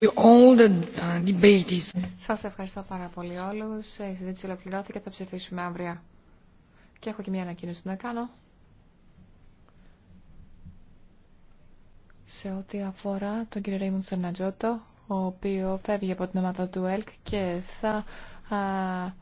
Uh, Σας ευχαριστώ πάρα πολύ όλους. Η συζήτηση ολοκληρώθηκε. Θα ψηφίσουμε αύριο. Και έχω και μια ανακοίνωση να κάνω. Σε ό,τι αφορά τον κύριο Ρέιμον Σερνατζότο, ο οποίος φεύγει από την ομάδα του ΕΛΚ και θα